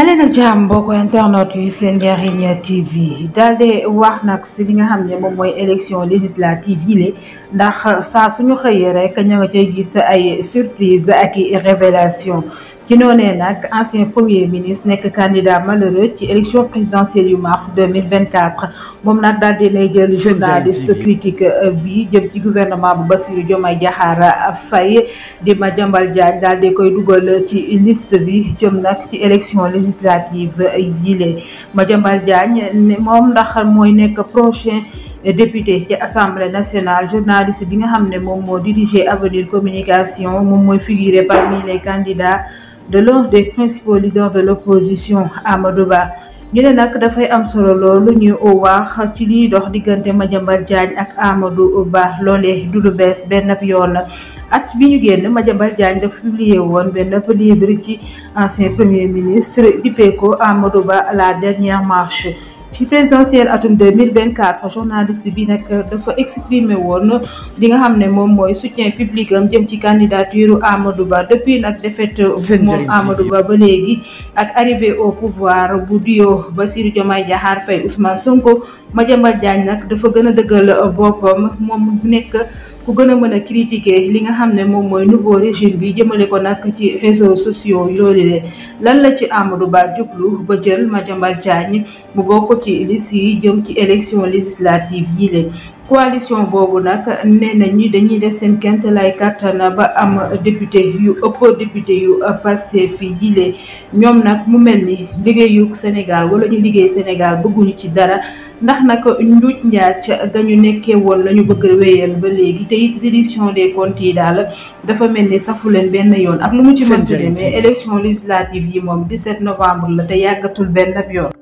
daleen ak jàmm mbokk internet yu seen njariñ TV dalé wax nak ci li nga xamné mom moy élection législative yi la ndax sa suñu xëyee rek ña cey gis ay surprise ak révélation ci noné nak ancien premier ministre nek candidat malheureux ci élection présidentielle yu mars 2024 mom nak daal di lay jël journaliste critique euh, bi jëm ci gouvernement bu Bassirou Diomaye Diakhar fay di Madiambal Diagne daal di koy duggal ci liste bi jëm nak ci élection législative législative yi lee Madiambal Diagne moom ndax moy nek prochain député ci assemblée nationale journaliste bi nga xamné mom moom diriger avenir communication mom moy figurer parmi les candidats de l'un des principaux leaders de l'opposition Amadou Ba ñu nak da fay am solo lolu ñu wax ci li dox diggante Madiambal Diagne ak Amadou Ba lolé dudu lu ben benn yoon at biñu ñu génn Madiambal Diagne daf publié woon benn livre ci ancien premier ministre dippee ko Amadou Ba la dernière marche ci présidentielle atum 2024 journaliste bi nag dafa exprimé woon li nga xam ne moom mooy soutien public am jëm ci candidature Amadou Ba depuis nag défaite bu moom Amadou Ba ba léegi ak arrivé au pouvoir bu duo Bassirou Diomaye Diakhar Faye Ousmane Sonko Madiambal Diagne nag dafa gën a dëggal boppam moom nekk bu gën a mën a critiquer li nga xam ne moom mooy nouveau régime bi jëmale ko nag ci réseaux sociaux yooyu leen lan la ci Amadou Ba jublu ba jël ma Madiambal Diagne mu bokk ci liste yi jëm ci élection législative yi leen coalition boobu nag nee na ñi dañuy def seen kent lay kàttan ba am député yu ëpp député yu passé fii jilee ñoom nag mu mel ni liggéeyu Sénégal wala ñu liggéey Sénégal bëgguñu ci dara ndax nag njuuj njaaj gañu nekkee woon la ñu bëgg wéyal ba léegi te it reddition des comptes yi daal dafa mel ni safu leen benn yoon ak lu mu ci mën mais élection législative yi moom 17 novembre la te yàggatul benn ab yoon